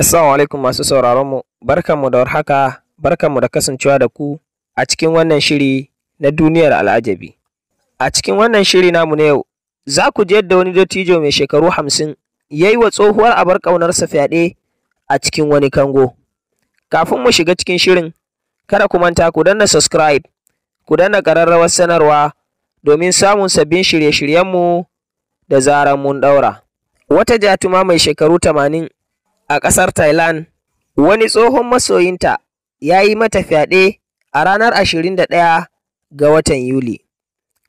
Assalamu alaikum masu sauraron mu, barkanmu da warhaka, barkanmu da kasancewa da ku a cikin wannan shiri na duniyar al'ajabi. A cikin wannan shiri namu na yau, za ku ji yadda wani dattijo mai shekaru hamsin ya yi wa tsohuwar abar ƙaunarsa fyaɗe a cikin wani kango. Kafin mu shiga cikin shirin, kada ku manta ku danna subscribe, ku danna ƙararrawar sanarwa domin samun sabbin shirye-shiryenmu da zaran mun ɗaura. Wata jatuma mai shekaru tamanin a ƙasar Thailand, wani tsohon masoyinta ya yi mata fyaɗe a ranar 21 ga watan Yuli.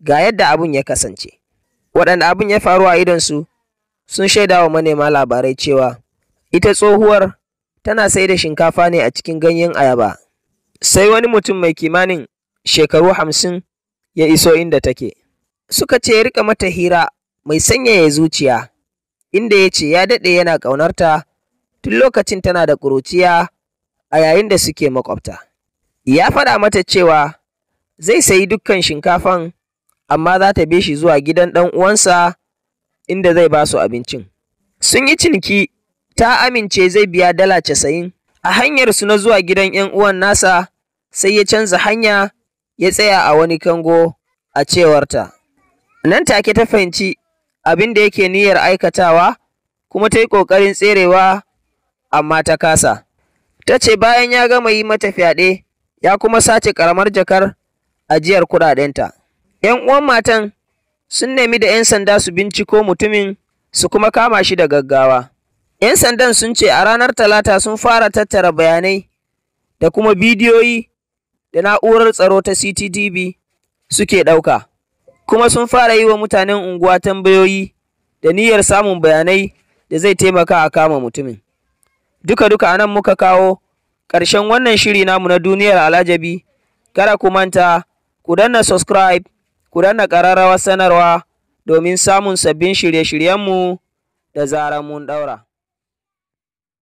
Ga yadda abin ya kasance. Waɗanda abin ya faru a idonsu sun shaida wa manema labarai cewa ita tsohuwar tana sai da shinkafa ne a cikin ganyen ayaba. Sai wani mutum mai kimanin shekaru hamsin ya iso inda take. Suka ce ya rika mata hira mai sanyaya zuciya, inda ya ce ya daɗe yana ƙaunarta tun lokacin tana da ƙuruciya a yayin da suke maƙwabta. Ya faɗa mata cewa zai sayi dukkan shinkafan amma za ta shi zuwa gidan ɗan uwansa inda zai ba su abincin. Sun yi ciniki ta amince zai biya dala casa'in. A hanyar su na zuwa gidan ‘yan uwan nasa sai ya canza hanya ya tsaya a wani kango a cewarta. Nan take ta fahimci abin da yake niyyar aikatawa kuma ta yi ƙoƙarin tserewa amma ta kasa. Ta ce bayan ya gama yi mata fyaɗe, ya kuma sace ƙaramar jakar ajiyar kuɗaɗenta. ‘Yan uwan matan sun nemi da ‘yan sanda su binciko mutumin su kuma kama shi da gaggawa. ‘Yan sandan sun ce a ranar Talata sun fara tattara bayanai da kuma bidiyoyi da na'urar tsaro ta cttv suke ɗauka, kuma sun fara yi wa mutanen unguwa tambayoyi da niyyar samun bayanai da zai taimaka a kama mutumin. duka duka anan muka kawo ƙarshen wannan shiri namu na duniyar alajabi kada ku manta ku danna subscribe ku danna ƙararrawar sanarwa domin samun sabbin shirye-shiryenmu da zarar mun ɗaura.